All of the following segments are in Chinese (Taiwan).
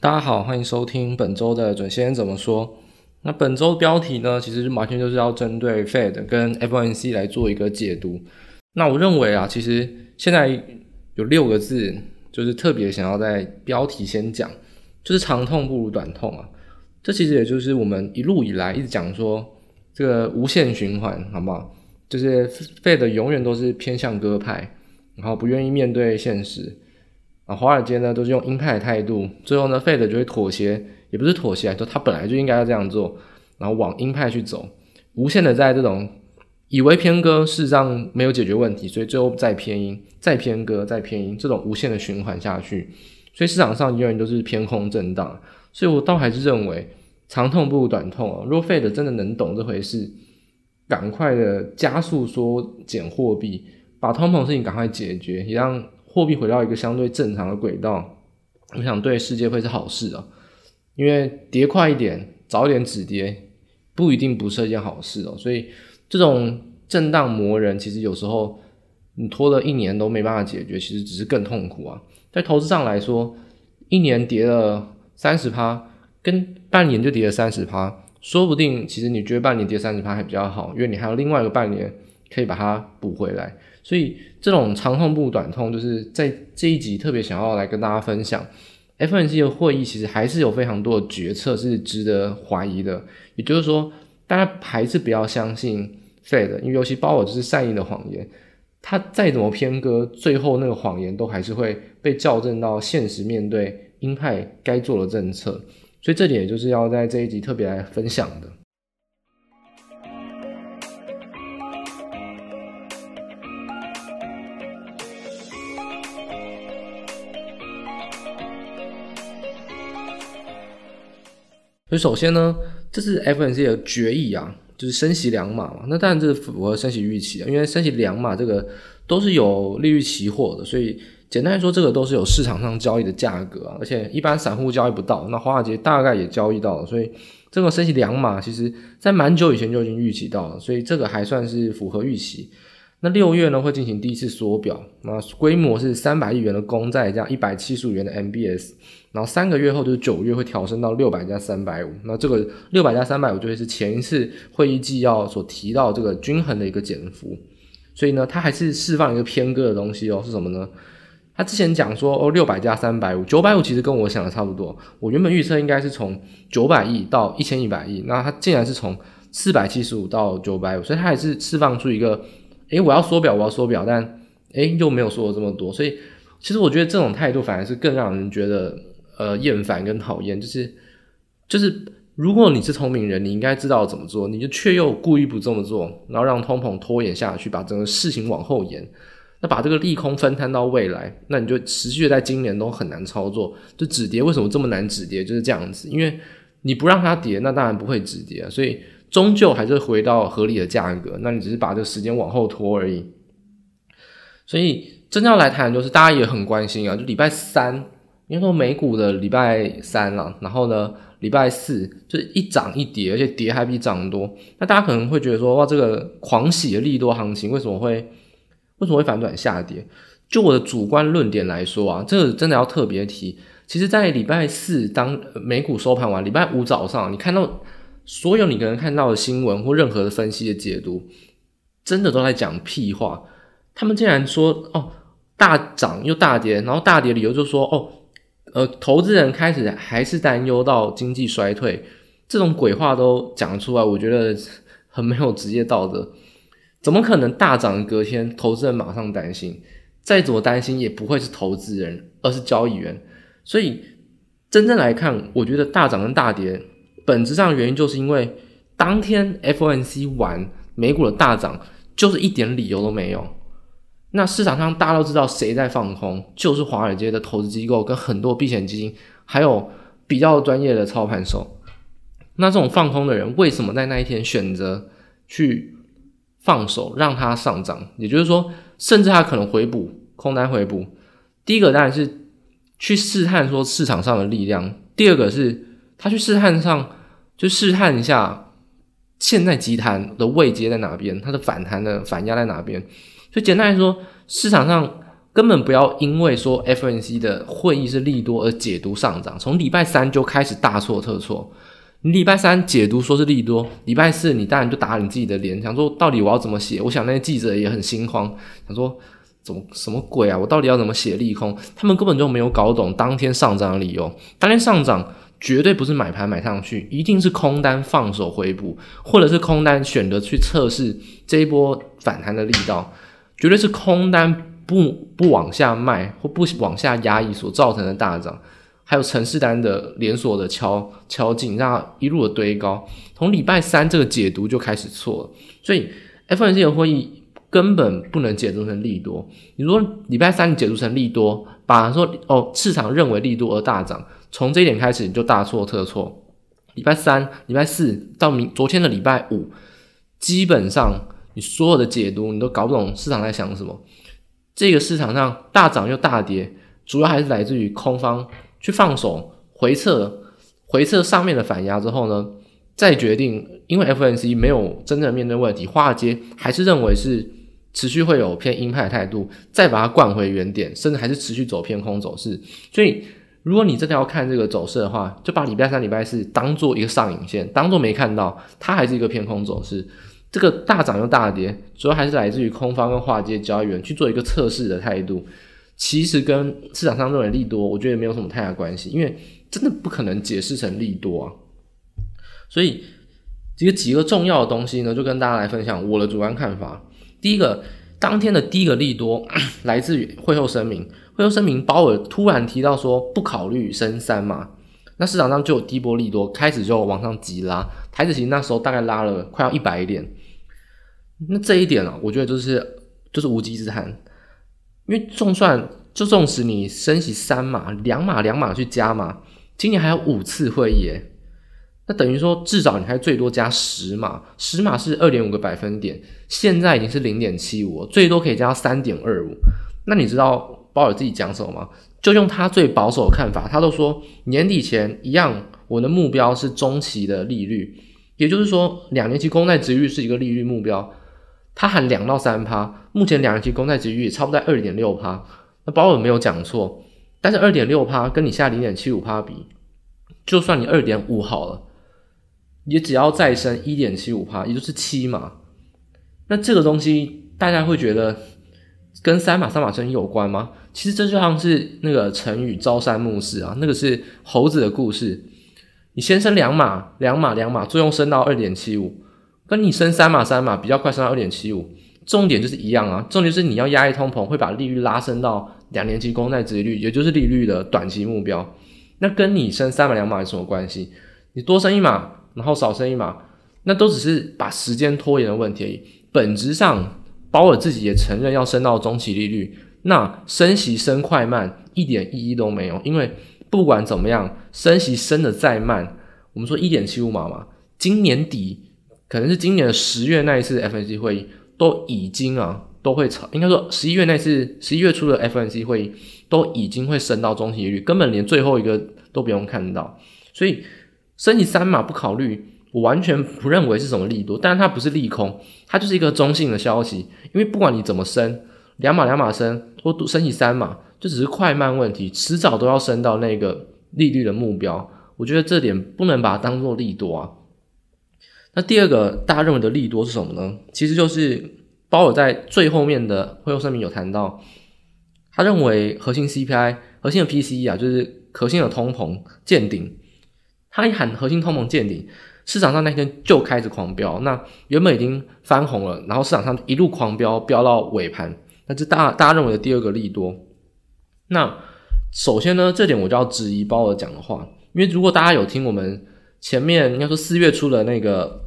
大家好，歡迎收聽本周的隼先生怎麼說。那本周標題呢，其實就完全就是要針對 Fed 跟 FOMC 來做一個解讀。那我認為啊，其實現在有六個字，就是特別想要在標題先講，就是長痛不如短痛啊。這其實也就是我們一路以來一直講說，這個無限循環，好不好？就是 Fed 永遠都是偏向鴿派，然後不願意面對現實。啊，華爾街呢都是用鷹派的態度，最後呢，費 e 就會妥協，也不是妥協來說，他本來就應該要這樣做，然後往鷹派去走，無限的在這種以為偏鴿，事實上沒有解決問題，所以最後再偏鷹，再偏鴿，再偏鷹，這種無限的循環下去，所以市場上永遠都是偏空震盪。所以我倒還是認為長痛不如短痛啊，如果費 e 真的能懂這回事，趕快的加速縮減貨幣，把通膨事情趕快解決，也讓貨幣回到一個相對正常的軌道，我想對世界會是好事啊，因為跌快一點，早一點止跌，不一定不是一件好事哦。所以這種震盪磨人，其實有時候你拖了一年都沒辦法解決，其實只是更痛苦啊。在投資上來說，一年跌了三十趴，跟半年就跌了三十趴，說不定其實你覺得半年跌三十趴還比較好，因為你還有另外一個半年可以把它補回來。.所以這種長痛不如短痛，就是在這一集特別想要來跟大家分享，FOMC 的會議其實還是有非常多的決策是值得懷疑的。也就是說，大家還是不要相信 Fed，因為尤其鮑爾只是善意的謊言，他再怎麼偏鴿，最後那個謊言都還是會被校正到現實，面對鷹派該做的政策。所以這點也就是要在這一集特別來分享的。所以首先呢，這是 FOMC 的決議啊，就是升息兩碼嘛。那當然這是符合升息預期的啊，因為升息兩碼這個都是有利率期貨的，所以簡單來說，這個都是有市場上交易的價格啊。而且一般散戶交易不到，那華爾街大概也交易到了，所以這個升息兩碼其實在蠻久以前就已經預期到了，所以這個還算是符合預期。那六月呢會進行第一次縮表，那規模是三百億元的公債加一百七十五元的 MBS，然後三個月後就是九月會調升到六百加三百五。那這個六百加三百五就會是前一次會議紀要所提到這個均衡的一個減幅，所以呢，它還是釋放一個偏鴿的東西哦。是什麼呢？他之前講說哦六百加三百五九百五其實跟我想的差不多。我原本預測應該是從九百億到一千一百億，那它竟然是從四百七十五到九百五，所以它還是釋放出一個。誒，我要縮表，我要縮表，但誒，又沒有說了這麼多，所以其實我覺得這種態度反而是更讓人覺得呃厭煩跟討厭。就是就是，如果你是聰明人，你應該知道怎麼做，你就卻又故意不這麼做，然後讓通膨拖延下去，把整個事情往後延，那把這個利空分攤到未來，那你就持續在今年都很難操作。就止跌為什麼這麼難止跌？就是這樣子，因為你不讓它跌，那當然不會止跌，所以。終究還是回到合理的價格，那你只是把這個時間往後拖而已。所以，真正要來談，就是大家也很關心啊，就禮拜三，應該說美股的禮拜三了啊。然後呢，禮拜四就是一漲一跌，而且跌還比漲多。那大家可能會覺得說，哇，這個狂喜的利多行情為什麼會為什麼會反轉下跌？就我的主觀論點來說啊，這個真的要特別提，其實，在禮拜四當美股收盤完，禮拜五早上你看到。所有你可能看到的新聞或任何的分析的解讀，真的都在講屁話。他們竟然說哦，大漲又大跌，然後大跌理由就說哦，呃投資人開始還是擔憂到經濟衰退，這種鬼話都講出來，我覺得很沒有職業道德。怎麼可能大漲隔天投資人馬上擔心？再怎麼擔心也不會是投資人，而是交易員。所以真正來看，我覺得大漲跟大跌。本質上的原因就是因為當天 FOMC 玩美股的大漲，就是一點理由都沒有。那市場上大家都知道誰在放空，就是華爾街的投資機構跟很多避險基金，還有比較專業的操盤手。那這種放空的人為什麼在那一天選擇去放手讓它上漲？也就是說，甚至他可能回補空單回補。第一個當然是去試探說市場上的力量，第二個是他去試探上。就試探一下，現在急彈的位階在哪邊，它的反彈的反壓在哪邊。就簡單來說，市場上根本不要因為說 FOMC 的會議是利多而解讀上漲。從禮拜三就開始大錯特錯，你禮拜三解讀說是利多，禮拜四你當然就打你自己的臉，想說到底我要怎麼寫？我想那些記者也很心慌，想說怎麼什麼鬼啊？我到底要怎麼寫利空？他們根本就沒有搞懂當天上漲的理由，當天上漲，絕對不是買盤買上去，一定是空單放手回補，或者是空單選擇去測試這一波反彈的力道，絕對是空單不不往下賣或不往下壓抑所造成的大漲，還有程式單的連鎖的敲敲進，讓一路的堆高，從禮拜三這個解讀就開始錯了，所以 FOMC 的會議根本不能解讀成利多，你說禮拜三你解讀成利多，把說哦市場認為利多而大漲。從這一點開始，你就大錯特錯。禮拜三、禮拜四到明昨天的禮拜五，基本上你所有的解讀你都搞不懂市場在想什麼。這個市場上大漲又大跌，主要還是來自於空方去放手回撤，回撤上面的反壓之後呢，再決定。因為 FOMC 沒有真正面對問題，華爾街還是認為是持續會有偏鷹派的態度，再把它灌回原點，甚至還是持續走偏空走勢，所以，如果你真的要看這個走勢的話，就把禮拜三、禮拜四當做一個上影線，當做沒看到，它還是一個偏空走勢。這個大漲又大跌，主要還是來自於空方跟化界交易員去做一個測試的態度。其實跟市場上認為利多，我覺得沒有什麼太大關係，因為真的不可能解釋成利多啊。所以幾個幾個重要的東西呢，就跟大家來分享我的主觀看法。第一個，當天的第一個利多來自於會後聲明。會後聲明，鮑爾突然提到說不考慮升三碼，那市場上就有低波利多開始就往上急拉，台指期那時候大概拉了快要一百點。那這一點啊，我覺得就是就是無稽之談，因為就算就縱使，你升息三碼兩碼兩碼去加碼，今年還有五次會議，那等於說至少你還最多加十碼，十碼是二點五個百分點，現在已經是零點七五，最多可以加三點二五，那你知道？鮑爾自己講什麼？就用他最保守的看法，他都說年底前一樣，我的目標是中期的利率，也就是說，兩年期公債殖率是一個利率目標，他喊兩到三趴，目前兩年期公債殖率也差不多在二點六趴，那鮑爾沒有講錯，但是二點六趴跟你現在零點七五趴比，就算你二點五好了，也只要再升一點七五趴，也就是七嘛，那這個東西大家會覺得。跟三碼三碼升息有關嗎？其實這就像是那個成語“朝三暮四”啊，那個是猴子的故事。你先升兩碼，兩碼兩碼，最終升到二點七五，跟你升三碼三碼比較快升到二點七五，重點就是一樣啊。重點是你要壓抑通膨，會把利率拉升到兩年期公債殖利率，也就是利率的短期目標。那跟你升三碼兩碼有什麼關係？你多升一碼，然後少升一碼，那都只是把時間拖延的問題而已，本質上。鮑爾自己也承認要升到中期利率，那升息升快慢一點意義都沒有，因為不管怎麼樣，升息升的再慢，我們說一點七五碼嘛，今年底可能是今年的十月那一次 FOMC 會議都已經啊，都會吵，應該說十一月那次，十一月初的 FOMC 會議都已經會升到中期利率，根本連最後一個都不用看到，所以升息三碼不考慮。我完全不認為是什麼利多，但是它不是利空，它就是一個中性的消息。因為不管你怎麼升，兩碼兩碼升，或多升起三碼，這只是快慢問題，遲早都要升到那個利率的目標。我覺得這點不能把它當做利多啊。那第二個大家認為的利多是什麼呢？其實就是鮑爾在最後面的會後聲明有談到，他認為核心 CPI、核心的 PCE 啊，就是核心的通膨見頂。他一喊核心通膨見頂。市場上那天就開始狂飆，那原本已經翻紅了，然後市場上一路狂飆，飆到尾盤，那這大家大家認為的第二個利多。那首先呢，這點我就要質疑鮑爾講的話，因為如果大家有聽我們前面應該說四月初的那個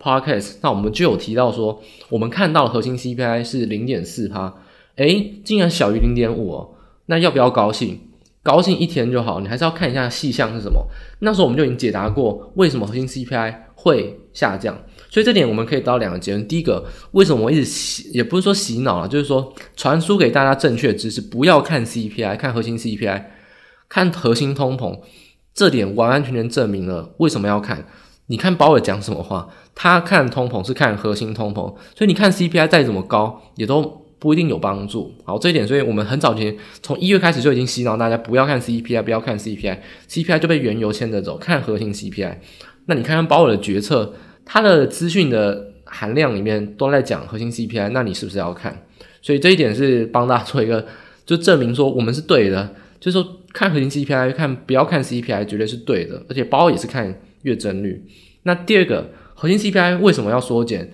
podcast，那我們就有提到說，我們看到的核心 CPI 是零點四帕，哎，竟然小於零點五，那要不要高興？高興一天就好，你還是要看一下細項是什麼。那時候我們就已經解答過為什麼核心 CPI 會下降，所以這點我們可以得到兩個結論：第一個，為什麼我一直洗也不是說洗腦了、啊，就是說傳輸給大家正確的知識，不要看 CPI，看核心 CPI，看核心通膨。這點完完全全證明了為什麼要看。你看鮑爾講什麼話，他看通膨是看核心通膨，所以你看 CPI 再怎麼高，也都。不一定有幫助。好，這一點，所以我們很早前從一月開始就已經洗腦大家不要看 C P I，不要看 C P I，C P I 就被原油牽着走，看核心 C P I。那你看看鮑爾的決策，他的資訊的含量裡面都在講核心 C P I，那你是不是要看？所以這一點是幫大家做一個，就證明說我們是對的，就是說看核心 C P I，看不要看 C P I 絕對是對的，而且鮑也是看月增率。那第二個，核心 C P I 為什麼要縮減？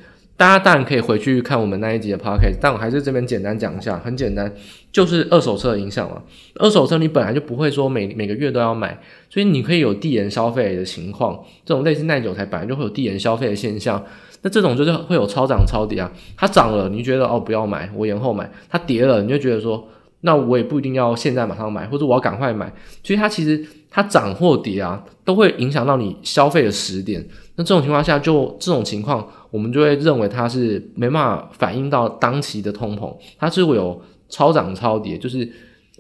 大家當然可以回去看我們那一集的 podcast 但我還是這邊簡單講一下。很簡單，就是二手車的影響嘛。二手車你本來就不會說每每個月都要買，所以你可以有遞延消費的情況。這種類似耐久財本來就會有遞延消費的現象。那這種就是會有超漲超跌啊。它漲了，你覺得哦不要買，我延後買；它跌了，你就覺得說，那我也不一定要現在馬上買，或者我要趕快買。所以它其實它漲或跌啊，都會影響到你消費的時點。那這種情況下就，就這種情況。我們就會認為它是沒辦法反映到當期的通膨，它是會有超漲超跌，就是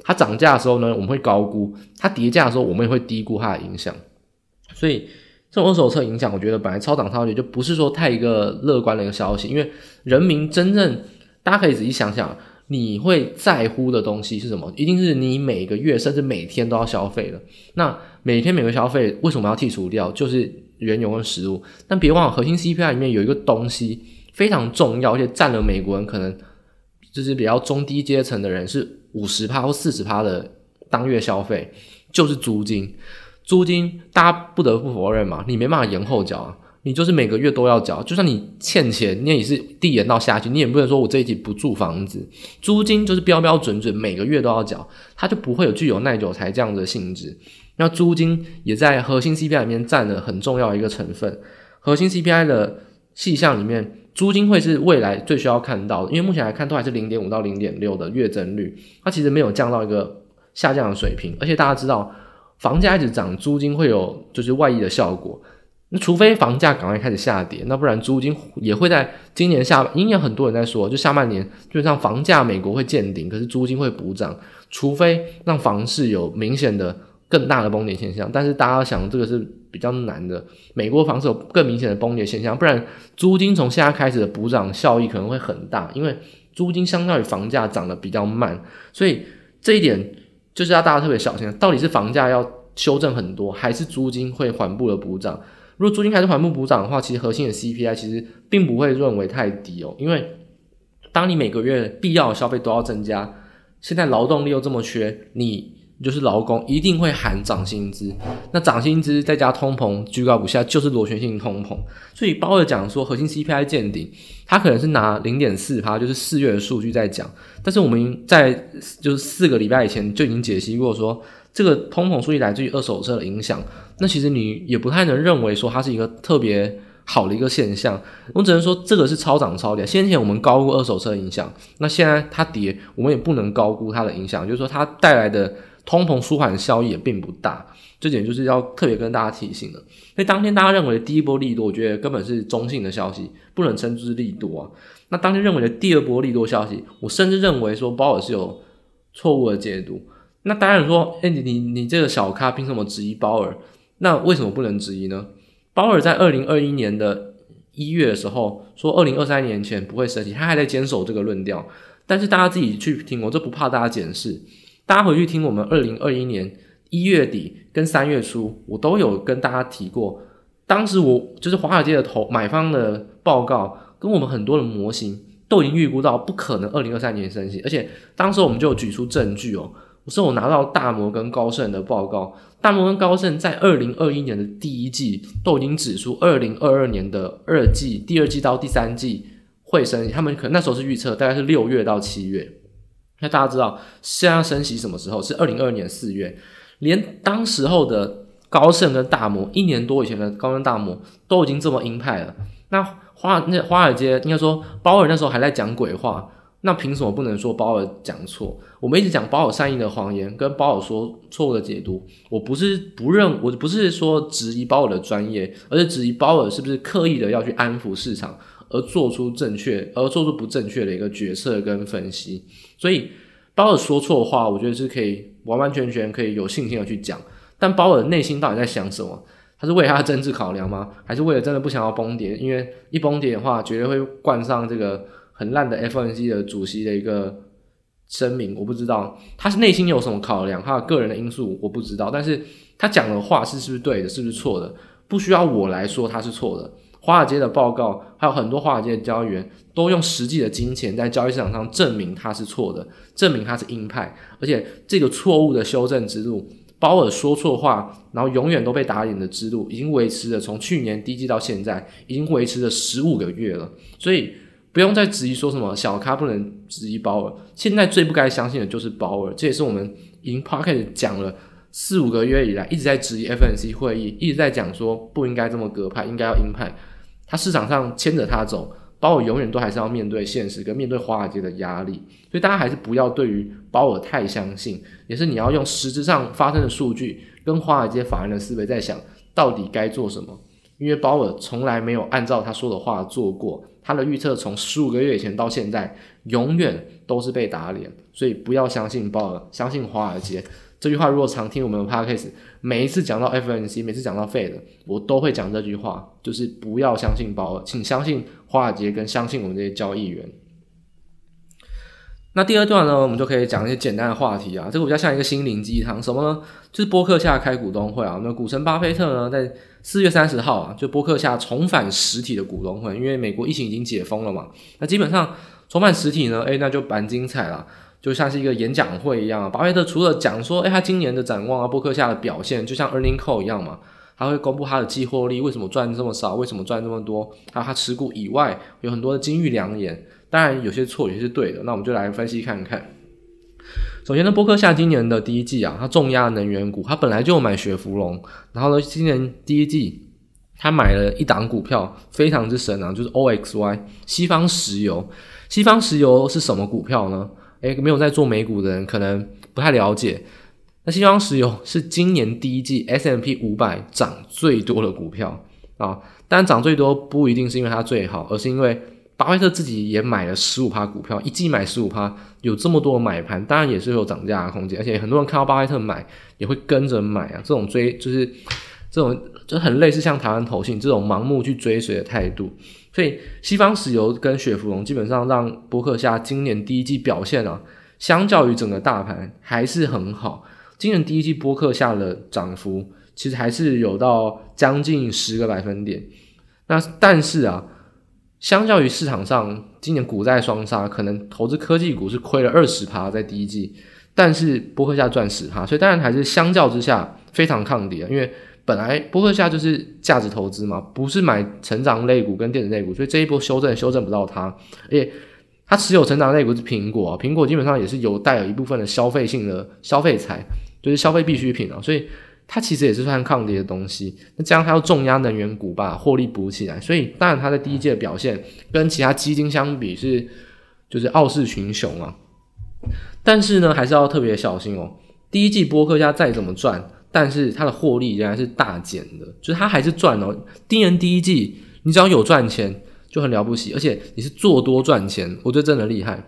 它漲價的時候呢，我們會高估；它跌價的時候，我們也會低估它的影響。所以這種二手車影響，我覺得本來超漲超跌就不是說太一個樂觀的一個消息，因為人民真正大家可以仔細想想，你會在乎的東西是什麼？一定是你每個月甚至每天都要消費的。那每天每個消費為什麼要剔除掉？就是。原油跟食物，但別忘了核心 CPI 裡面有一個東西非常重要，而且占了美國人可能就是比較中低階層的人是五十趴或四十趴的當月消費，就是租金。租金大家不得不否認嘛，你沒辦法延後繳啊，你就是每個月都要繳，就算你欠錢，你也是遞延到下去，你也不能說我這一期不住房子，租金就是標標準準每個月都要繳，它就不會有具有耐久財這樣的性質。那租金也在核心 CPI 裡面占了很重要的一個成分。核心 CPI 的細項裡面，租金會是未來最需要看到的，因為目前來看都還是零點五到零點六的月增率，它其實沒有降到一個下降的水平。而且大家知道，房價一直漲，租金會有就是外溢的效果。那除非房價趕快開始下跌，那不然租金也會在今年下。因為很多人在說，就下半年基本上房價美國會見頂，可是租金會補漲，除非讓房市有明顯的。更大的崩跌現象，但是大家想這個是比較難的。美國房子有更明顯的崩跌現象，不然租金從現在開始的補漲效益可能會很大，因為租金相較於房價漲得比較慢，所以這一點就是要大家特別小心。到底是房價要修正很多，還是租金會緩步的補漲？如果租金還是緩步補漲的話，其實核心的 CPI 其實並不會認為太低哦、喔，因為當你每個月必要的消費都要增加，現在勞動力又這麼缺，你。就是勞工一定會喊漲薪資，那漲薪資再加通膨居高不下，就是螺旋性通膨。所以鮑爾講說核心 CPI 見頂，它可能是拿零點四趴就是四月的數據在講。但是我們在就是四個禮拜以前就已經解析過說，這個通膨數據來自於二手車的影響。那其實你也不太能認為說它是一個特別好的一個現象。我只能說這個是超漲超跌。先前我們高估二手車的影響，那現在它跌，我們也不能高估它的影響，就是說它帶來的。通膨舒緩的效益也並不大，這點就是要特別跟大家提醒了。那當天大家認為的第一波利多，我覺得根本是中性的消息，不能稱之利多啊。那當天認為的第二波利多消息，我甚至認為說鮑爾是有錯誤的解讀。那當然說，哎、欸，你你這個小咖憑什麼質疑鮑爾？那為什麼不能質疑呢？鮑爾在二零二一年的一月的時候說二零二三年前不會升息，他還在堅守這個論調。但是大家自己去聽，我就不怕大家解釋。大家回去聽我們二零二一年一月底跟三月初，我都有跟大家提過，當時我就是華爾街的投買方的報告，跟我們很多的模型都已經預估到不可能二零二三年升息，而且當時我們就有舉出證據哦、喔，我說我拿到大摩跟高盛的報告，大摩跟高盛在二零二一年的第一季都已經指出二零二二年的二季第二季到第三季會升息。他們可能那時候是預測大概是六月到七月。那大家知道，現在升息什麼時候？是二零二二年四月。連當時候的高盛跟大摩，一年多以前的高盛大摩都已經這麼鷹派了。那華那華爾街應該說，鮑爾那時候還在講鬼話。那憑什麼不能說鮑爾講錯？我們一直講鮑爾善意的謊言，跟鮑爾說錯誤的解讀。我不是不認，我不是說質疑鮑爾的專業，而是質疑鮑爾是不是刻意的要去安撫市場。而做出正確，而做出不正確的一個決策跟分析，所以鮑爾說錯話，我覺得是可以完完全全可以有信心的去講。但鮑爾的內心到底在想什麼？他是為了他的政治考量嗎？還是為了真的不想要崩跌？因為一崩跌的話，絕對會冠上這個很爛的 FOMC 的主席的一個聲明。我不知道他是內心有什麼考量，他個人的因素我不知道。但是他講的話是是不是對的？是不是錯的？不需要我來說，他是錯的。華爾街的報告，還有很多華爾街的交易員都用實際的金錢在交易市場上證明他是錯的，證明他是鷹派。而且這個錯誤的修正之路，鮑爾說錯話，然後永遠都被打臉的之路，已經維持了從去年低季到現在，已經維持了十五個月了。所以不用再質疑說什麼小咖不能質疑鮑爾。現在最不該相信的就是鮑爾，這也是我們已經 podcast 講了四五個月以來一直在質疑 FOMC 會議，一直在講說不應該這麼鴿派，應該要鷹派。他市場上牽着他走，鮑爾永遠都還是要面對現實跟面對華爾街的壓力，所以大家還是不要對於鮑爾太相信，也是你要用實質上發生的數據跟華爾街法人的思維在想到底該做什麼，因為鮑爾從來沒有按照他說的話做過，他的預測從十五個月以前到現在，永遠都是被打臉，所以不要相信鮑爾，相信華爾街。這句話如果常聽，我們的 podcast 每一次講到 F N C，每次講到 f a 廢 e 我都會講這句話，就是不要相信保請相信華爾街，跟相信我們這些交易員。那第二段呢，我們就可以講一些簡單的話題啊，這個比較像一個心靈雞湯，什麼呢？就是波克夏開股東會啊。那股神巴菲特呢，在四月三十號啊，就波克夏重返實體的股東會，因為美國疫情已經解封了嘛。那基本上重返實體呢，哎，那就蠻精彩了。就像是一個演講會一樣，啊，巴菲特除了講說，哎、欸，他今年的展望啊，波克夏的表現就像 earning call 一樣嘛，他會公布他的寄獲利，為什麼賺這麼少，為什麼賺這麼多？還有他持股以外，有很多的金玉良言，當然有些錯，有些是對的。那我們就來分析看看。首先呢，波克夏今年的第一季啊，他重壓能源股，他本來就有買雪佛龍，然後呢，今年第一季他買了一檔股票，非常之神啊，就是 OXY 西方石油。西方石油是什麼股票呢？誒，沒有在做美股的人可能不太了解。那西方石油是今年第一季 S&P 500漲最多的股票啊，當然漲最多不一定是因為它最好，而是因為巴菲特自己也買了十五趴股票，一季買十五趴，有這麼多的買盤，當然也是有漲價的空間。而且很多人看到巴菲特買，也會跟着買啊，這種追就是這種就很類似像台灣投信這種盲目去追隨的態度。所以，西方石油跟雪佛龍基本上讓波克夏今年第一季表現啊，相較於整個大盤還是很好。今年第一季波克夏的漲幅其實還是有到將近十個百分點。那但是啊，相較於市場上今年股債雙殺，可能投資科技股是虧了二十趴在第一季，但是波克夏賺十趴，所以當然還是相較之下非常抗跌，因為。本來波克夏就是價值投資嘛，不是買成長類股跟電子類股，所以這一波修正修正不到它。而且它持有成長類股是蘋果啊，蘋果基本上也是有帶有一部分的消費性的消費財，就是消費必需品啊，所以它其實也是算抗跌的東西。那這樣它要重壓能源股吧，獲利補起來，所以當然它的第一季的表現跟其他基金相比是就是傲視群雄啊。但是呢，還是要特別小心哦。第一季波克夏再怎麼賺。但是它的獲利仍然是大減的，就是他還是賺哦。丁元第一季，你只要有賺錢就很了不起，而且你是做多賺錢，我覺得真的厲害。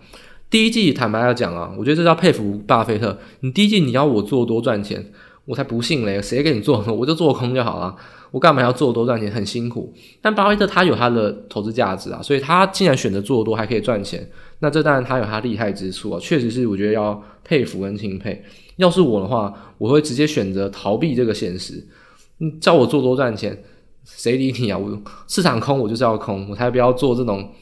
第一季坦白來講啊，我覺得這叫佩服巴菲特。你第一季你要我做多賺錢，我才不信嘞，誰給你做我就做空就好了啊，我幹嘛要做多賺錢很辛苦。但巴菲特他有他的投資價值啊，所以他竟然選擇做多還可以賺錢，那這當然他有他厲害之處啊，確實是我覺得要佩服跟欽佩。要是我的話，我會直接選擇逃避這個現實。你叫我做多賺錢，誰理你啊？我市場空，我就是要空。我才不要做這種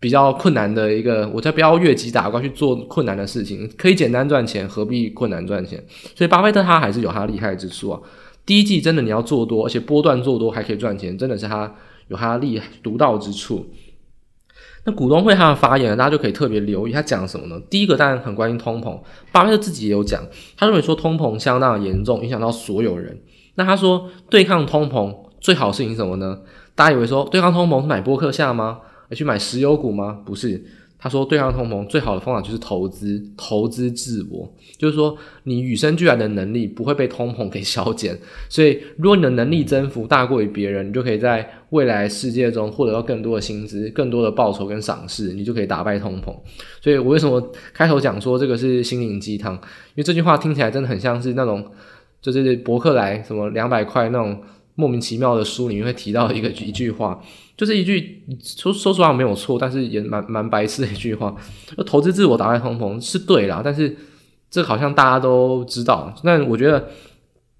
比較困難的一個，我才不要越級打怪去做困難的事情。可以簡單賺錢，何必困難賺錢？所以巴菲特他還是有他厲害之處啊。第一季真的你要做多，而且波段做多還可以賺錢，真的是他有他厲害獨到之處。那股東會他的發言，大家就可以特別留意他講什麼呢？第一個當然很關心通膨，巴菲特自己也有講，他認為說通膨相當的嚴重，影響到所有人。那他說對抗通膨最好是贏什麼呢？大家以為說對抗通膨是買波克夏嗎？去買石油股嗎？不是。他說：“對抗通膨最好的方法就是投資，投資自我，就是說你與生俱來的能力不會被通膨給削減。所以，如果你的能力增幅大過於別人，你就可以在未來世界中獲得到更多的薪資、更多的報酬跟賞識，你就可以打敗通膨。所以，我為什麼開頭講說這個是心靈雞湯？因為這句話聽起來真的很像是那種，就是博客來什麼兩百塊那種莫名其妙的書裡面會提到一個、嗯、一句話。”就是一句說說實話沒有錯，但是也蠻蠻白痴的一句話。投資自我打開通通是對啦，但是這個、好像大家都知道。那我覺得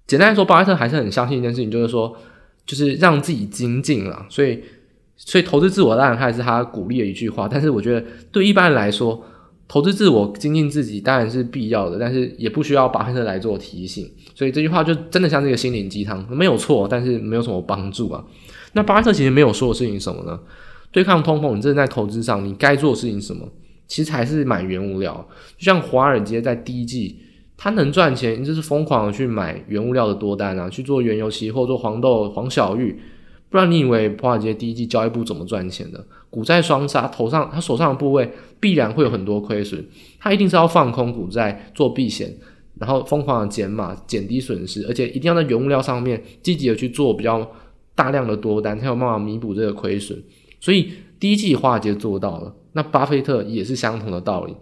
簡單來說，巴菲特還是很相信一件事情，就是說就是讓自己精進啦。所以所以投資自我當然還是他鼓勵的一句話，但是我覺得對一般人來說，投資自我精進自己當然是必要的，但是也不需要巴菲特來做提醒。所以這句話就真的像這個心靈雞湯，沒有錯，但是沒有什麼幫助啊。那巴菲特其實沒有說的事情是什麼呢？對抗通膨，你正在投資上，你該做的事情是什麼？其實還是買原物料。就像華爾街在第一季，他能賺錢，你就是瘋狂的去買原物料的多單啊，去做原油期貨、或做黃豆、黃小玉。不然你以為華爾街第一季交易部怎麼賺錢的？股債雙殺，頭上他手上的部位必然會有很多虧損，他一定是要放空股債做避險，然後瘋狂的減碼、減低損失，而且一定要在原物料上面積極的去做比較。大量的多單，才有辦法彌補這個虧損，所以第一季化解做到了。那巴菲特也是相同的道理。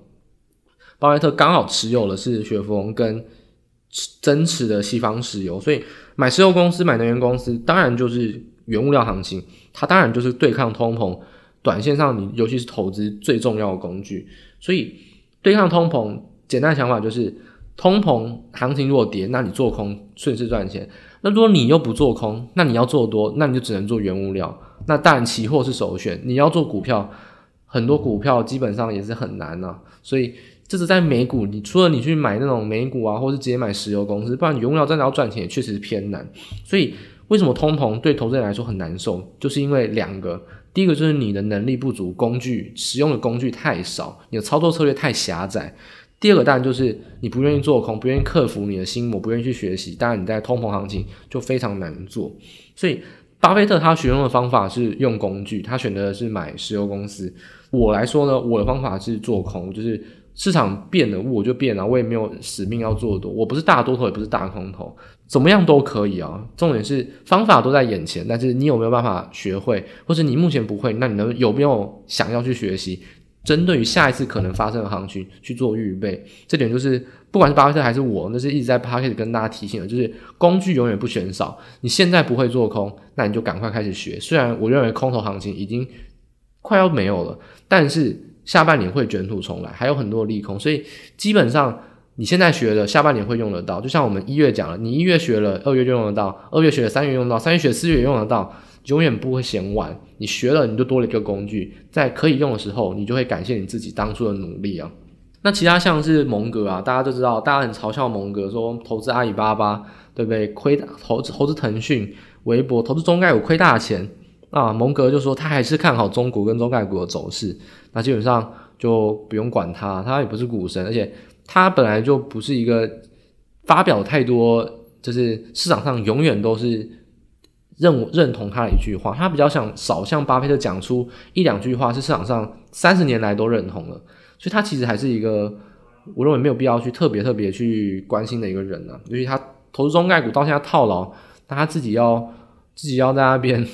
巴菲特剛好持有的是雪佛龍跟增持的西方石油，所以買石油公司、買能源公司，當然就是原物料行情。它當然就是對抗通膨，短線上你尤其是投資最重要的工具。所以對抗通膨，簡單想法就是通膨行情若跌，那你做空順勢賺錢。那如果你又不做空，那你要做多，那你就只能做原物料。那當然，期貨是首選。你要做股票，很多股票基本上也是很難啊。所以這是在美股，你除了你去買那種美股啊，或是直接買石油公司，不然原物料真的要賺錢也確實是偏難。所以為什麼通膨對投資人來說很難受，就是因為兩個，第一個就是你的能力不足，工具，使用的工具太少，你的操作策略太狹窄。第二個當然就是你不願意做空，不願意克服你的心魔，不願意去學習。當然你在通膨行情就非常難做。所以巴菲特他選用的方法是用工具，他選擇的是買石油公司。我來說呢，我的方法是做空，就是市場變了，我就變了。我也沒有使命要做多，我不是大多頭，也不是大空頭，怎麼樣都可以啊。重點是方法都在眼前，但是你有沒有辦法學會，或者你目前不會，那你能有沒有想要去學習？針對於下一次可能發生的行情去做預備，這點就是不管是巴菲特還是我，那是一直在 p 開始跟大家提醒的，就是工具永遠不嫌少。你現在不會做空，那你就趕快開始學。雖然我認為空頭行情已經快要沒有了，但是下半年會卷土重來，還有很多利空，所以基本上你現在學了，下半年會用得到。就像我們一月講了，你一月學了，二月就用得到；二月學了，三月用到；三月學了，四月也用得到。永遠不會嫌晚。你學了，你就多了一個工具，在可以用的時候，你就會感謝你自己當初的努力啊。那其他像是蒙格啊，大家就知道，大家很嘲笑蒙格說投資阿里巴巴，對不對？虧投資投資騰訊、微博、投資中概股虧大錢啊。蒙格就說他還是看好中國跟中概股的走勢。那基本上就不用管他，他也不是股神，而且他本來就不是一個發表太多，就是市場上永遠都是。認認同他的一句話，他比較想少像巴菲特講出一兩句話，是市場上三十年來都認同的，所以他其實還是一個我認為沒有必要去特別特別去關心的一個人呢、啊。尤其他投資中概股到現在套牢，那他自己要自己要在那邊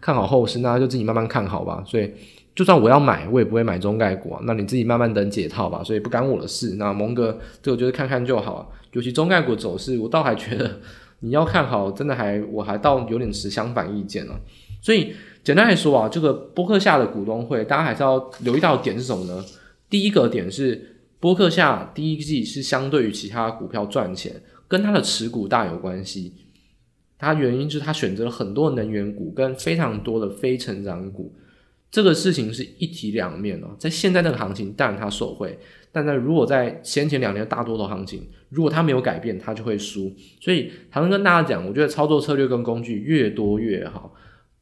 看好後市，那就自己慢慢看好吧。所以就算我要買，我也不會買中概股、啊，那你自己慢慢等解套吧。所以不干我的事。那蒙哥，這我覺得看看就好、啊。尤其中概股走勢，我倒還覺得。你要看好，真的還我還倒有點持相反意見了。所以簡單來說啊，這個波克夏的股東會，大家還是要留意到點是什麼呢？第一個點是波克夏第一季是相對於其他股票賺錢，跟它的持股大有關係。它原因就是它選擇了很多能源股跟非常多的非成長股，這個事情是一體兩面哦。在現在這個行情當然他所會，但它受惠。但在如果在先前兩年大多頭行情，如果它沒有改變，它就會輸。所以，常常跟大家講，我覺得操作策略跟工具越多越好。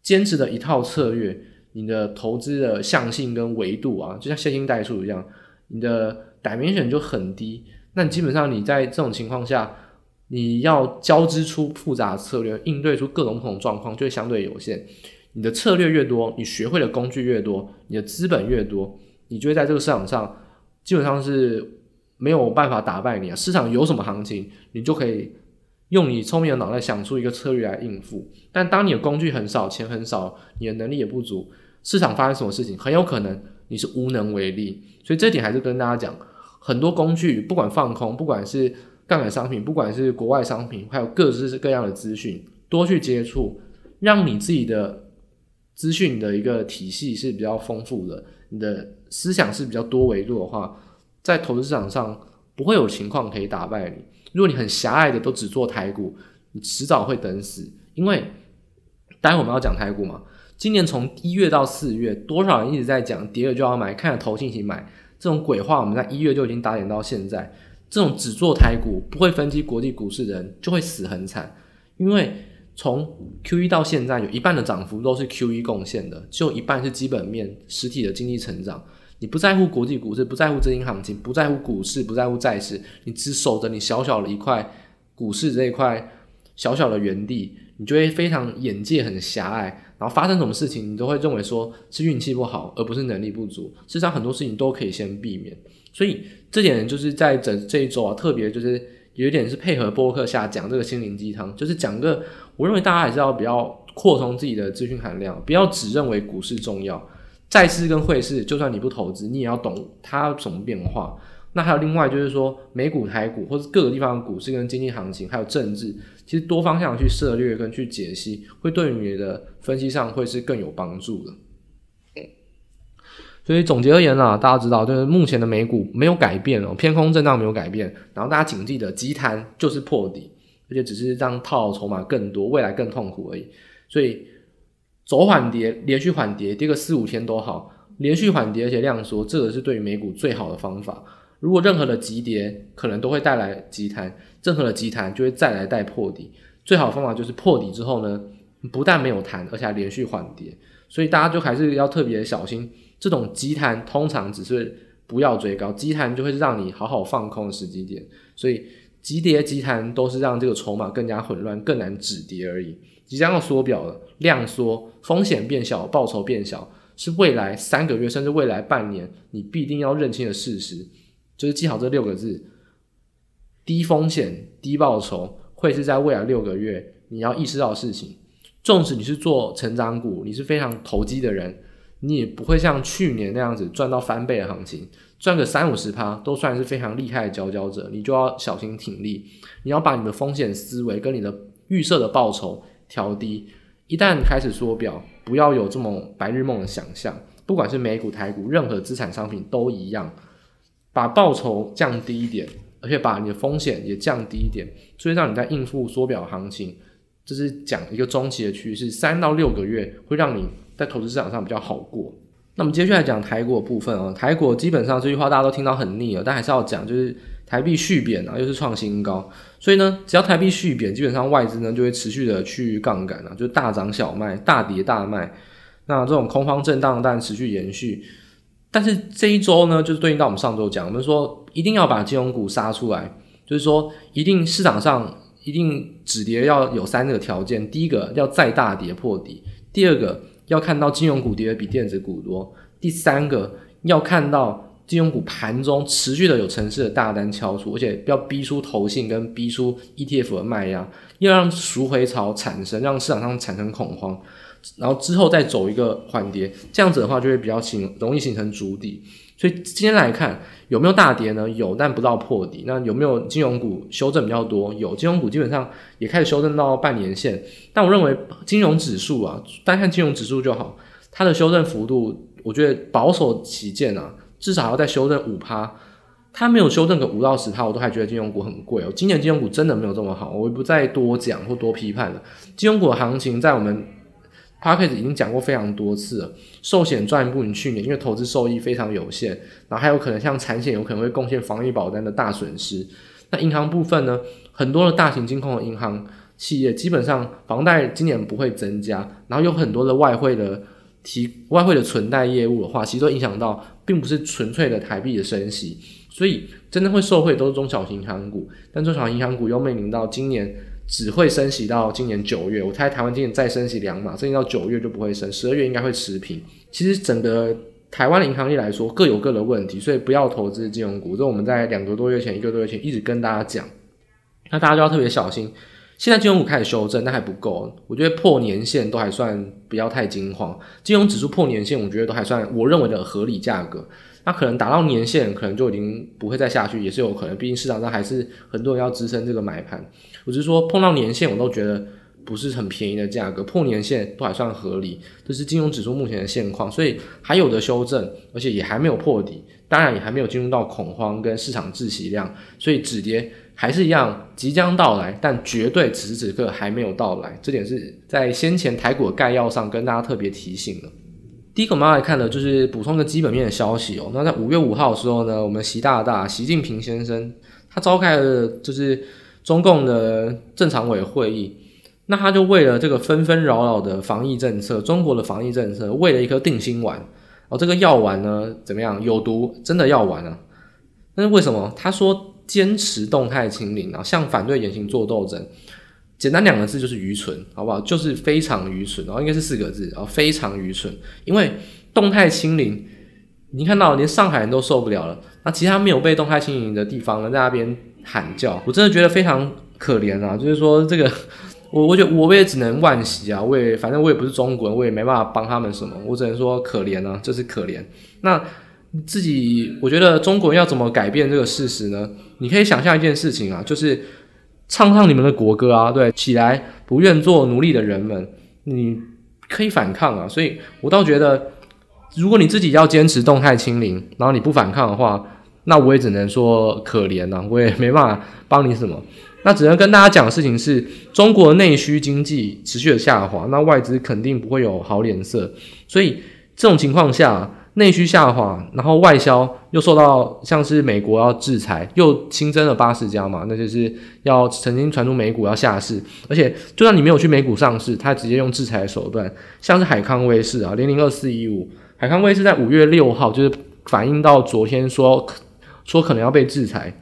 堅持的一套策略，你的投資的向性跟維度啊，就像線性代數一樣，你的 dimension 就很低。那你基本上你在這種情況下，你要交織出複雜的策略，應對出各種不同狀況，就會相對有限。你的策略越多，你學會的工具越多，你的資本越多，你就會在這個市場上。基本上是沒有辦法打敗你啊！市場有什麼行情，你就可以用你聰明的腦袋想出一個策略來應付。但當你的工具很少，錢很少，你的能力也不足，市場發生什麼事情，很有可能你是無能為力。所以這點還是跟大家講，很多工具，不管放空，不管是槓桿商品，不管是國外商品，還有各式各樣的資訊，多去接觸，讓你自己的資訊的一個體系是比較豐富的。你的思想是比較多維度的話，在投資市場上不會有情況可以打敗你。如果你很狹隘的都只做台股，你遲早會等死。因為待會我們要講台股嘛，今年從一月到四月，多少人一直在講跌了就要買，看着投信進場買這種鬼話，我們在一月就已經打臉到現在。這種只做台股不會分析國際股市的人，就會死很慘。因為從 QE 到現在，有一半的漲幅都是 QE 貢獻的，只有一半是基本面、實體的經濟成長。你不在乎國際股市，不在乎資金行情，不在乎股市，不在乎債市，你只守着你小小的一塊股市，這一塊小小的園地，你就會非常眼界很狹隘，然後發生什麼事情，你都會認為說是運氣不好，而不是能力不足。事實上，很多事情都可以先避免。所以這點就是在整這一周啊，特別就是有一點是配合播客下講這個心靈雞湯，就是講個我認為大家還是要比較擴充自己的資訊含量，不要只認為股市重要。賽事跟匯市，就算你不投資，你也要懂它有什麼變化。那還有另外就是說，美股、台股或者各個地方的股市跟經濟行情，還有政治，其實多方向去涉獵跟去解析，會對你的分析上會是更有幫助的。所以總結而言呢、啊，大家知道，就是目前的美股沒有改變哦，偏空震盪沒有改變，然後大家謹記的，急彈就是破底，而且只是讓套籌碼更多，未來更痛苦而已。所以。走緩跌，連續緩跌，跌個四五天都好，連續緩跌，而且量縮，這個是對於美股最好的方法。如果任何的急跌，可能都會帶來急彈，任何的急彈就會再來帶破底。最好的方法就是破底之後呢，不但沒有彈，而且還連續緩跌。所以大家就還是要特別小心，這種急彈通常只是不要追高，急彈就會讓你好好放空的時機點。所以急跌急彈都是讓這個籌碼更加混亂，更難止跌而已。即將要縮表了，量縮，風險變小，報酬變小，是未來三個月甚至未來半年你必定要認清的事實。就是記好這六個字：低風險、低報酬，會是在未來六個月你要意識到的事情。縱使你是做成長股，你是非常投機的人，你也不會像去年那樣子賺到翻倍的行情，賺個三五十趴都算是非常厲害的佼佼者，你就要小心挺立，你要把你的風險思維跟你的預設的報酬調低，一旦開始縮表，不要有這麼白日夢的想象。不管是美股、台股，任何資產、商品都一樣，把報酬降低一點，而且把你的風險也降低一點，所以讓你在應付縮表行情，這、就是講一個中期的趨勢，三到六個月，會讓你在投資市場上比較好過。那我們接下來講台股部分啊，台股基本上這句話大家都聽到很膩了，但還是要講，就是台幣續貶啊，又是創新高，所以呢，只要台幣續貶，基本上外資呢就會持續的去槓桿啊，就大漲小賣，大跌大賣，那這種空方震盪，但持續延續，但是這一周呢，就是對應到我們上周講，我們說一定要把金融股殺出來，就是說一定市場上一定止跌要有三個條件，第一個要再大跌破底，第二個。要看到金融股跌的比電子股多，第三個，要看到金融股盤中持續的有城市的大單敲出，而且不要逼出投信跟逼出 ETF 的賣壓，要讓贖回潮產生，讓市場上產生恐慌，然後之後再走一個緩跌，這樣子的話就會比較形容易形成築底。所以今天來看有沒有大跌呢？有，但不到破底。那有沒有金融股修正比較多？有，金融股基本上也開始修正到半年線。但我認為金融指數啊，單看金融指數就好，它的修正幅度，我覺得保守起見啊，至少還要再修正五趴。它沒有修正個五到十趴，我都還覺得金融股很貴哦。今年金融股真的沒有這麼好，我也不再多講或多批判了。金融股的行情在我們。花 o c 已經講過非常多次了，壽險賺一部分，去年因為投資收益非常有限，然後還有可能像產險有可能會貢獻防疫保單的大損失。那銀行部分呢，很多的大型金控的銀行企業，基本上房貸今年不會增加，然後有很多的外匯的提外匯的存貸業務的話，其實都影響到，並不是純粹的台幣的升息，所以真正會受惠都是中小型銀行股，但中小型銀行股又面臨到今年。只會升息到今年九月，我猜台灣今年再升息兩碼，升息到九月就不會升，十二月應該會持平。其實整個台灣的銀行業來說，各有各的問題，所以不要投資金融股。這我們在兩個多月前、一個多月前一直跟大家講，那大家就要特別小心。現在金融股開始修正，那還不夠。我覺得破年線都還算不要太驚慌，金融指數破年線，我覺得都還算我認為的合理價格。那、啊、可能達到年線，可能就已經不會再下去，也是有可能。畢竟市場上還是很多人要支撐這個買盤。我是說，碰到年線，我都覺得不是很便宜的價格，破年線都還算合理。這是金融指數目前的現況，所以還有的修正，而且也還沒有破底，當然也還沒有進入到恐慌跟市場窒息量，所以止跌還是一樣即將到來，但絕對此時此刻還沒有到來。這點是在先前台股的概要上跟大家特別提醒了。第一個我們要來看的就是補充個基本面的消息哦。那在五月五號的時候呢，我們習大大、習近平先生他召開了就是中共的政常委會議，那他就為了這個紛紛擾擾的防疫政策，中國的防疫政策，餵了一顆定心丸。哦，這個藥丸呢，怎麼樣？有毒，真的藥丸啊？但是為什麼他說堅持動態清零呢、啊？向反對言行作鬥爭。簡單兩個字就是愚蠢，好不好？就是非常愚蠢，然後應該是四個字，啊，非常愚蠢。因為動態清零，你看到連上海人都受不了了。那其他沒有被動態清零的地方呢，在那邊喊叫，我真的覺得非常可憐啊！就是說這個，我我覺得我也只能惋惜啊，我也反正我也不是中國人，我也沒辦法幫他們什麼，我只能說可憐啊，這、就是可憐。那自己，我覺得中國人要怎麼改變這個事實呢？你可以想象一件事情啊，就是。唱唱你們的國歌啊！對，起來，不願做奴隸的人們，你可以反抗啊！所以我倒覺得，如果你自己要堅持動態清零，然後你不反抗的話，那我也只能說可憐吶、啊，我也沒辦法幫你什麼。那只能跟大家講的事情是，中國內需經濟持續的下滑，那外資肯定不會有好臉色。所以這種情況下、啊。內需下滑，然後外銷又受到像是美國要制裁，又新增了八十家嘛，那就是要曾經傳出美股要下市，而且就算你沒有去美股上市，它直接用制裁手段，像是海康威視啊，零零二四一五，海康威視在五月六號就是反映到昨天說說可能要被制裁，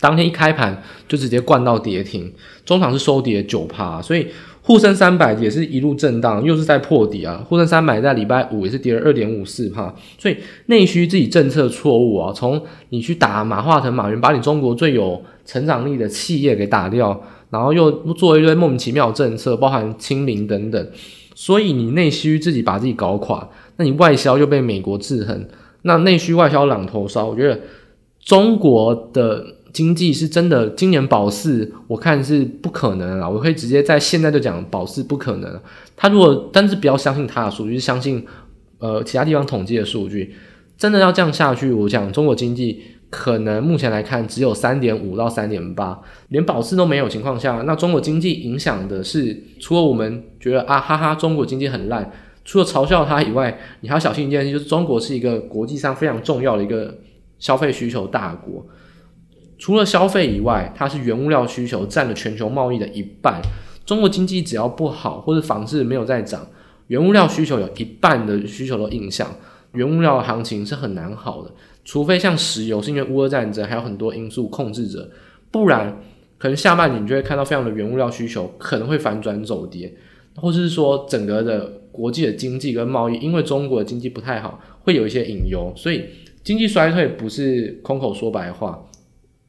當天一開盤就直接灌到跌停，中場是收跌九趴，所以。滬深三百也是一路震盪，又是在破底啊！滬深三百在禮拜五也是跌了二點五四帕，所以內需自己政策錯誤啊！從你去打馬化騰、馬雲，把你中國最有成長力的企業給打掉，然後又做一堆莫名其妙政策，包含清零等等，所以你內需自己把自己搞垮，那你外銷又被美國制衡，那內需外銷兩頭燒，我覺得中國的。經濟是真的，今年保四，我看是不可能了。我可以直接在現在就講保四不可能。他如果，但是不要相信他的數據，是相信呃其他地方統計的數據。真的要這樣下去，我講中國經濟可能目前來看只有三點五到三點八，連保四都沒有情況下，那中國經濟影響的是，除了我們覺得啊哈哈中國經濟很爛，除了嘲笑他以外，你還要小心一件事，就是中國是一個國際上非常重要的一個消費需求大國。除了消費以外，它，是原物料需求占了全球貿易的一半。中國經濟只要不好，或者房市沒有在漲，原物料需求有一半的需求都影響原物料行情是很難好的。除非像石油是因為烏俄戰爭還有很多因素控制着，不然可能下半年你就會看到非常的原物料需求可能會反轉走跌，或者是說整個的國際的經濟跟貿易，因為中國的經濟不太好，會有一些隱憂，所以經濟衰退不是空口說白話。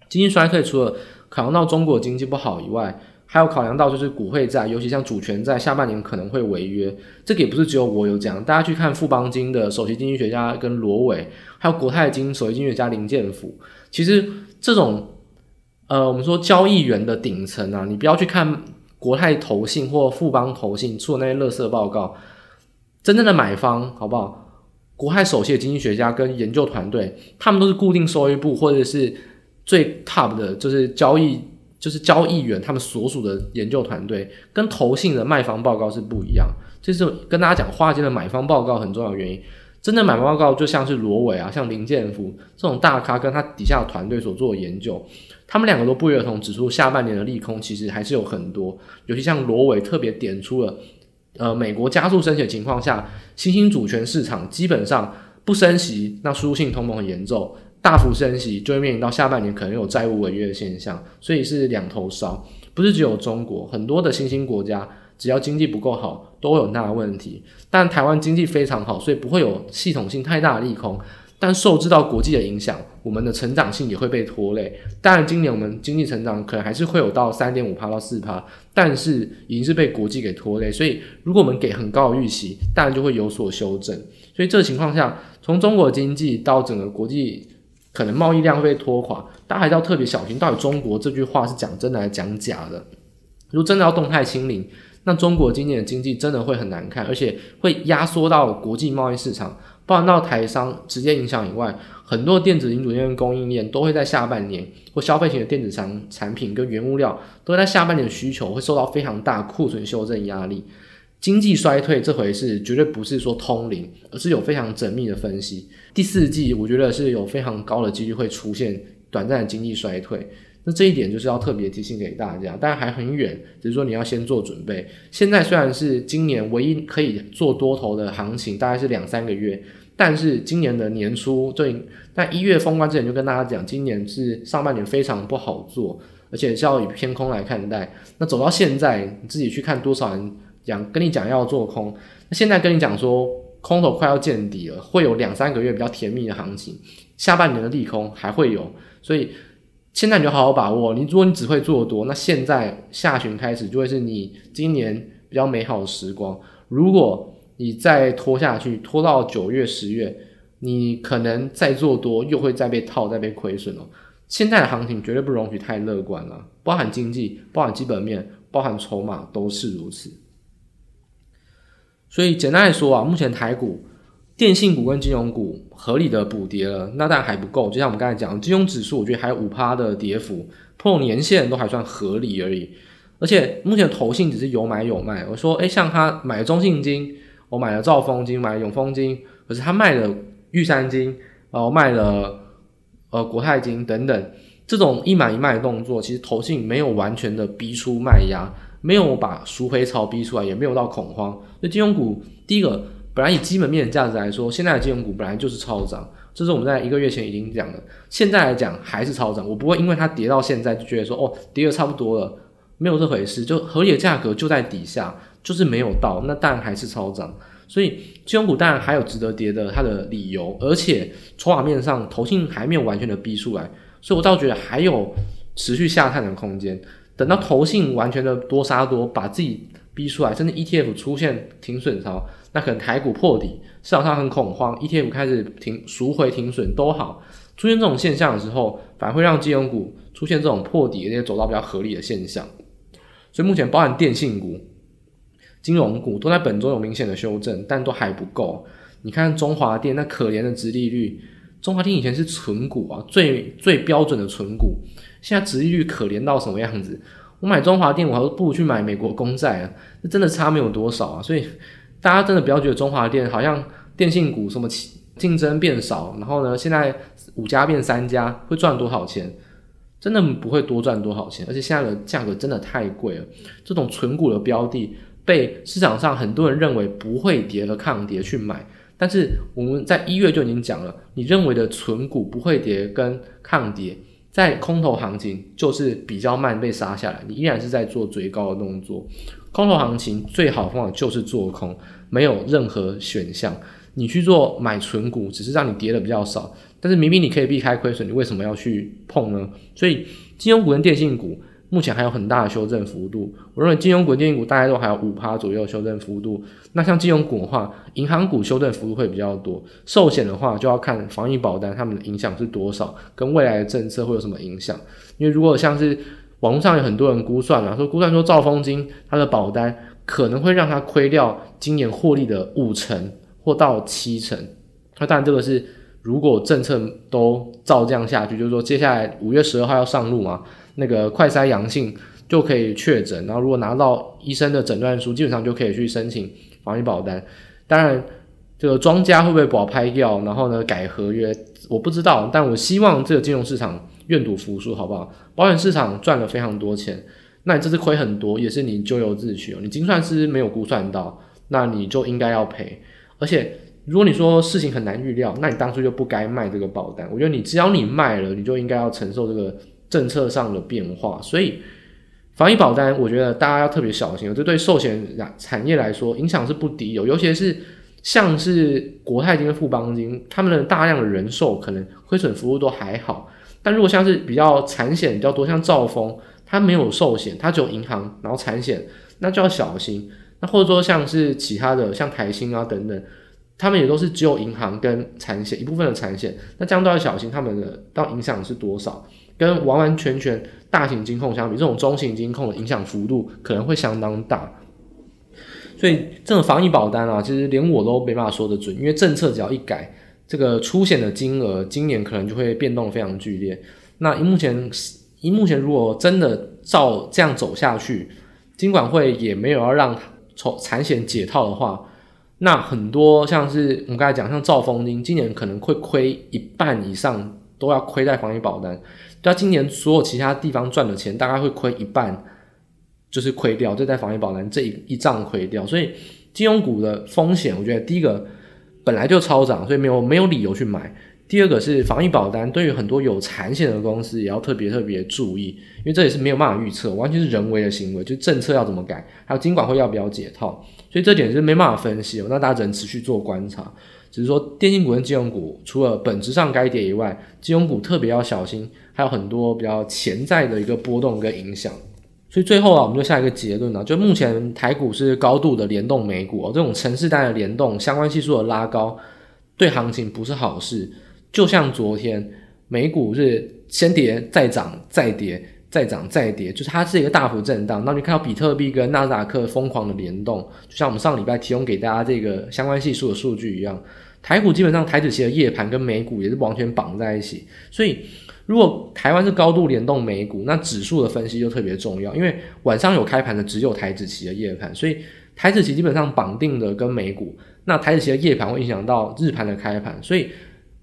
經濟衰退除了考量到中國經濟不好以外，還有考量到就是股匯債，尤其像主權債，下半年可能會違約。這個也不是只有我有講，大家去看富邦金的首席經濟學家跟羅偉，還有國泰金首席經濟學家林建甫。其實這種，呃，我們說交易員的頂層啊，你不要去看國泰投信或富邦投信出的那些垃圾報告。真正的買方好不好？國泰首席的經濟學家跟研究團隊，他們都是固定收益部或者是。最 top 的就是交易，就是交易員他們所屬的研究團隊跟投信的賣方報告是不一樣。這是跟大家講華爾街的買方報告很重要的原因。真的買方報告就像是羅偉啊，像林建福這種大咖跟他底下的團隊所做的研究，他們兩個都不約而同指出，下半年的利空其實還是有很多。尤其像羅偉特別點出了，呃，美國加速升息的情況下，新興主權市場基本上不升息，那輸入性通膨很嚴重。大幅升息就會面臨到下半年可能有債務違約的現象，所以是兩頭燒，不是只有中國，很多的新興國家只要經濟不夠好都會有很大的問題。但台灣經濟非常好，所以不會有系統性太大的利空。但受制到國際的影響，我們的成長性也會被拖累。當然，今年我們經濟成長可能還是會有到三點五趴到四趴，但是已經是被國際給拖累。所以，如果我們給很高的預期，當然就會有所修正。所以這個情況下，從中國的經濟到整個國際。可能貿易量會被拖垮，大家還是要特別小心。到底中國這句話是講真的還是講假的？如果真的要動態清零，那中國今年的經濟真的會很難看，而且會壓縮到國際貿易市場，包含到台商直接影響以外，很多電子零組件供應鏈都會在下半年，或消費型的電子產品跟原物料都會在下半年的需求會受到非常大庫存修正壓力。經濟衰退這回是絕對不是說通靈，而是有非常縝密的分析。第四季，我覺得是有非常高的幾率會出現短暫的經濟衰退。那這一點就是要特別提醒給大家，當然還很遠，只是說你要先做準備。現在雖然是今年唯一可以做多頭的行情，大概是兩三個月，但是今年的年初對在一月封關之前就跟大家講，今年是上半年非常不好做，而且是要以偏空來看待。那走到現在，你自己去看多少人，講跟你講要做空，那現在跟你講說空頭快要見底了，會有兩三個月比較甜蜜的行情，下半年的利空還會有，所以現在你就好好把握。你如果你只會做多，那現在下旬開始就會是你今年比較美好的時光。如果你再拖下去，拖到九月、十月，你可能再做多又會再被套、再被虧損了。現在的行情絕對不容許太樂觀了，包含經濟、包含基本面、包含籌碼都是如此。所以簡單來說啊，目前台股、電信股跟金融股合理的補跌了，那當然還不夠。就像我們剛才講的，金融指數我覺得還有五趴的跌幅，破年線都還算合理而已。而且目前的投信只是有買有賣。我說，誒，像他買了中信金，我買了兆豐金、買了永豐金，可是他賣了玉山金，然後賣了呃國泰金等等，這種一買一賣的動作，其實投信沒有完全的逼出賣壓。沒有把贖回潮逼出來，也沒有到恐慌。所以金融股第一個，本來以基本面的價值來說，現在的金融股本來就是超漲，這是我們在一個月前已經講的。現在來講還是超漲，我不會因為它跌到現在就覺得說哦，跌得差不多了，沒有這回事。就合理的價格就在底下，就是沒有到，那當然還是超漲。所以金融股當然還有值得跌的它的理由，而且籌碼面上，投信還沒有完全的逼出來，所以我倒覺得還有持續下探的空間。等到投信完全的多殺多，把自己逼出來，甚至 ETF 出現停損潮，那可能台股破底，市場上很恐慌，ETF 開始停贖回停損都好，出現這種現象的時候，反而會讓金融股出現這種破底，而且走到比較合理的現象。所以目前包含電信股、金融股都在本周有明顯的修正，但都還不夠。你看中華電那可憐的殖利率，中華電以前是存股啊，最最標準的存股。現在殖利率可憐到什麼樣子？我買中華電，我還不如去買美國公債啊！那真的差沒有多少啊！所以大家真的不要覺得中華電好像電信股什麼競爭變少，然後呢，現在五家變三家會賺多少錢？真的不會多賺多少錢，而且現在的價格真的太貴了。這種存股的標的被市場上很多人認為不會跌和抗跌去買，但是我們在一月就已經講了，你認為的存股不會跌跟抗跌，在空頭行情就是比較慢被殺下來，你依然是在做追高的動作。空頭行情最好的方法就是做空，沒有任何選項。你去做買存股，只是讓你跌得比較少，但是明明你可以避開虧損，你為什麼要去碰呢？所以金融股跟電信股。目前還有很大的修正幅度，我認為金融股、電信股大概都還有五趴左右修正幅度。那像金融股的話，銀行股修正幅度會比較多。壽險的話，就要看防疫保單他們的影響是多少，跟未來的政策會有什麼影響。因為如果像是網絡上有很多人估算啦，說估算說兆豐金它的保單可能會讓它虧掉今年獲利的五成或到七成。那當然這個是如果政策都照這樣下去，就是說接下來五月十二號要上路嘛。那個快篩陽性就可以確診，然後如果拿到醫生的診斷書，基本上就可以去申請防疫保單。當然，這個莊家會不會不好拍掉，然後呢改合約，我不知道。但我希望這個金融市場願賭服輸，好不好？保險市場賺了非常多錢，那你這次虧很多，也是你咎由自取。你精算師沒有估算到，那你就應該要賠。而且，如果你說事情很難預料，那你當初就不該賣這個保單。我覺得你只要你賣了，你就應該要承受這個。政策上的變化，所以防疫保單，我覺得大家要特別小心。這對壽險產業來說影響是不低，有尤其是像是國泰金跟富邦金，他們的大量的人壽可能虧損，服務都還好。但如果像是比較產險比較多，像兆豐，它沒有壽險，它只有銀行，然後產險，那就要小心。那或者說像是其他的，像台新啊等等，他們也都是只有銀行跟產險一部分的產險，那這樣都要小心，他們的到影響是多少？跟完完全全大型金控相比，這種中型金控的影響幅度可能會相當大，所以這種防疫保單啊，其實連我都沒辦法說得準，因為政策只要一改，這個出險的金額今年可能就會變動非常劇烈。那目前，以目前如果真的照這樣走下去，金管會也沒有要讓從產險解套的話，那很多像是我們剛才講，像兆豐金今年可能會虧一半以上，都要虧在防疫保單。那今年所有其他地方賺的錢大概會虧一半，就是虧掉，這在防疫保單這一一仗虧掉。所以金融股的風險，我覺得第一個本來就超漲，所以沒有沒有理由去買。第二個是防疫保單，對於很多有產險的公司也要特別特別注意，因為這也是沒有辦法預測，完全是人為的行為，就是、政策要怎麼改，還有金管會要不要解套，所以這點是沒辦法分析。那大家只能持續做觀察。只是說，電信股跟金融股除了本質上該跌以外，金融股特別要小心，還有很多比較潛在的一個波動跟影響。所以最後啊，我們就下一個結論啊，就目前台股是高度的聯動美股，哦、這種程式單的聯動相關係數的拉高，對行情不是好事。就像昨天美股是先跌再漲再跌再漲再跌，就是它是一個大幅震盪。那你看到比特幣跟納斯達克瘋狂的聯動，就像我們上禮拜提供給大家這個相關係數的數據一樣。台股基本上台指期的夜盤跟美股也是完全綁在一起，所以如果台灣是高度聯動美股，那指數的分析就特別重要。因為晚上有開盤的只有台指期的夜盤，所以台指期基本上綁定的跟美股，那台指期的夜盤會影響到日盤的開盤，所以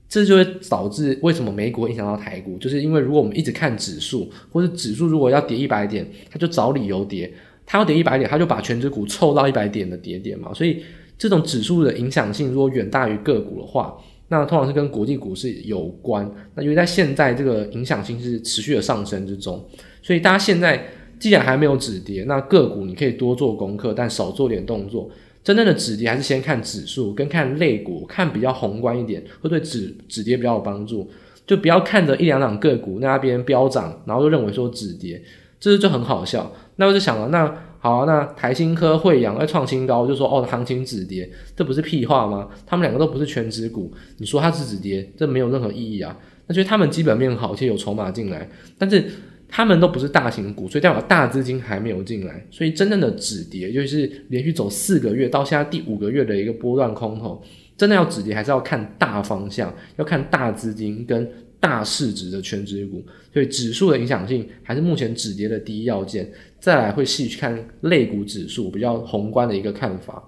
這就會導致為什麼美股會影響到台股，就是因為如果我們一直看指數，或是指數如果要跌一百點，它就找理由跌，它要跌一百點，它就把全指股湊到一百點的跌點嘛，所以。這種指數的影響性如果遠大於個股的話，那通常是跟國際股市有關。那因為在現在這個影響性是持續的上升之中，所以大家現在既然還沒有止跌，那個股你可以多做功課，但少做點動作。真正的止跌還是先看指數，跟看類股，看比較宏觀一點，會對止止跌比較有幫助。就不要看着一兩檔個股那邊飆漲，然後就認為說止跌，這是就很好笑。那我就想了，那。好、啊，那台星科、慧洋再創新高，就說哦，行情止跌，這不是屁話嗎？他們兩個都不是權值股，你說它是止跌，這沒有任何意義啊。那就他們基本面好，且有籌碼進來，但是他們都不是大型股，所以代表大資金還沒有進來，所以真正的止跌就是連續走四個月到現在第五個月的一個波段空頭，真的要止跌還是要看大方向，要看大資金跟。大市值的全指股，所以指數的影響性還是目前止跌的第一要件。再來會細去看類股指數，比較宏觀的一個看法。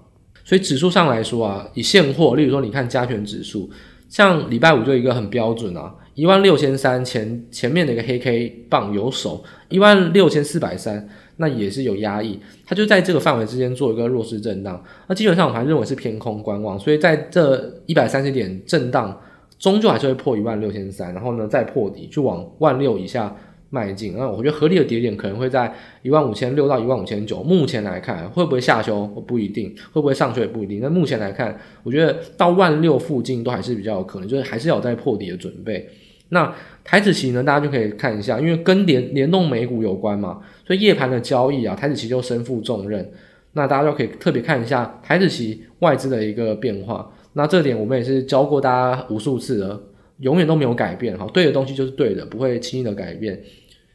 所以指數上來說啊，以現貨，例如說你看加權指數，像禮拜五就一個很標準啊，一萬六千三前前面的一個黑 K 棒有手，一萬六千四百三，那也是有壓抑，它就在這個範圍之間做一個弱勢震盪。那基本上我還認為是偏空觀望，所以在這一百三十點震盪。終究還是會破一萬六千三，然後呢，再破底就往萬六以下邁進。那我覺得合理的跌點可能會在一萬五千六到一萬五千九。目前來看，會不會下修不一定，會不會上修也不一定。那目前來看，我覺得到萬六附近都還是比較有可能，就是還是要有再破底的準備。那台指期呢，大家就可以看一下，因為跟聯聯動美股有關嘛，所以夜盤的交易啊，台指期就身負重任。那大家就可以特別看一下台指期外資的一個變化。那這點我們也是教過大家無數次了，永遠都沒有改變哈。對的東西就是對的，不會輕易的改變。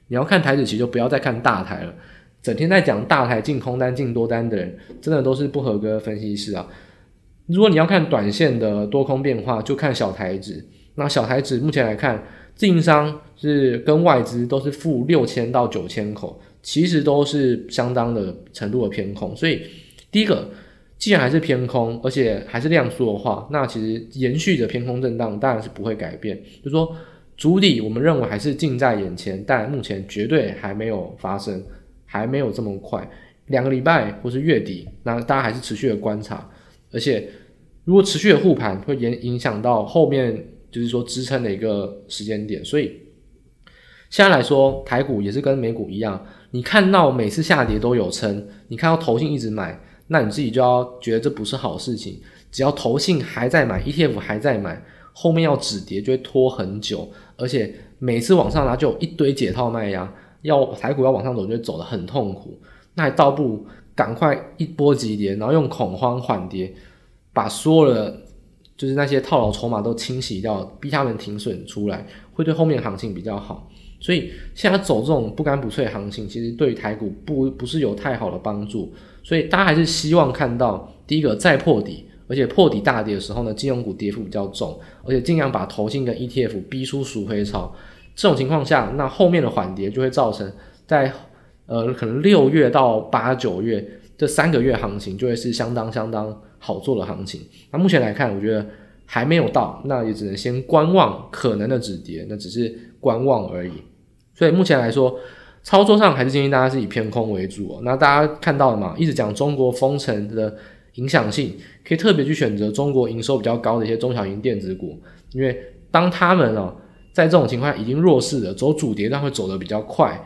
你要看台指期，其實就不要再看大台了。整天在講大台進空單、進多單的人，真的都是不合格分析師啊。如果你要看短線的多空變化，就看小台指。那小台指目前來看，自營商是跟外資都是負六千到九千口，其實都是相當的程度的偏空。所以第一個。既然還是偏空，而且還是量縮的話，那其實延續著偏空震盪當然是不會改變。就是說築底，我們認為還是近在眼前，但目前絕對還沒有發生，還沒有這麼快。兩個禮拜或是月底，那大家還是持續的觀察。而且如果持續的護盤，會影影響到後面就是說支撐的一個時間點。所以現在來說，台股也是跟美股一樣，你看到每次下跌都有撐，你看到投信一直買。那你自己就要覺得這不是好事情，只要投信還在買 ETF 還在買，後面要止跌就會拖很久，而且每次往上拉就有一堆解套賣壓，要台股要往上走，就會走得很痛苦。那也倒不如趕快一波急跌，然後用恐慌緩跌，把所有的就是那些套牢籌碼都清洗掉，逼他們停損出來，會對後面的行情比較好。所以現在走這種不乾不脆的行情，其實對台股不不是有太好的幫助。所以大家還是希望看到第一個再破底，而且破底大跌的時候呢，金融股跌幅比較重，而且盡量把投信跟 ETF 逼出贖回潮。這種情況下，那後面的緩跌就會造成在呃可能六月到八九月這三個月行情就會是相當相當好做的行情。那目前來看，我覺得還沒有到，那也只能先觀望可能的止跌，那只是觀望而已。所以目前來說。操作上還是建議大家是以偏空為主、哦。那大家看到了嘛，一直講中國封城的影響性，可以特別去選擇中國營收比較高的一些中小型電子股，因為當他們啊、哦，在這種情況已經弱勢的走主跌，但會走得比較快。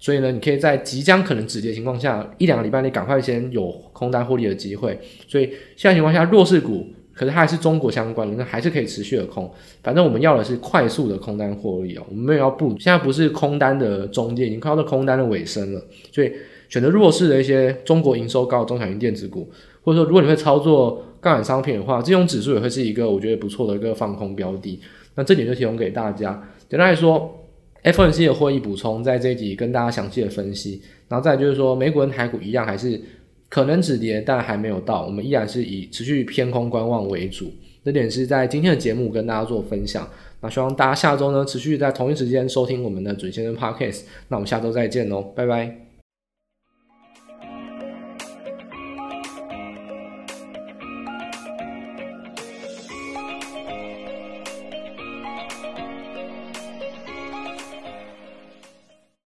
所以呢，你可以在即將可能止跌的情況下，一兩個禮拜你趕快先有空單獲利的機會。所以現在情況下弱勢股。可是它還是中國相關的，那還是可以持續的空。反正我們要的是快速的空單獲利哦、喔，我們沒有要不。現在不是空單的中間，已經看到空單的尾聲了。所以選擇弱勢的一些中國營收高中小型電子股，或者說如果你會操作槓桿商品的話，這種指數也會是一個我覺得不錯的一個放空標的。那這點就提供給大家。簡單來說，FOMC 的會議補充，在這一集跟大家詳細的分析。然後再來就是說，美股跟台股一樣，還是。可能止跌，但還沒有到，我們依然是以持續偏空觀望為主。這點是在今天的節目跟大家做分享。那希望大家下周呢持續在同一時間收聽我們的隼先生 Podcast。那我們下周再見嘍，拜拜。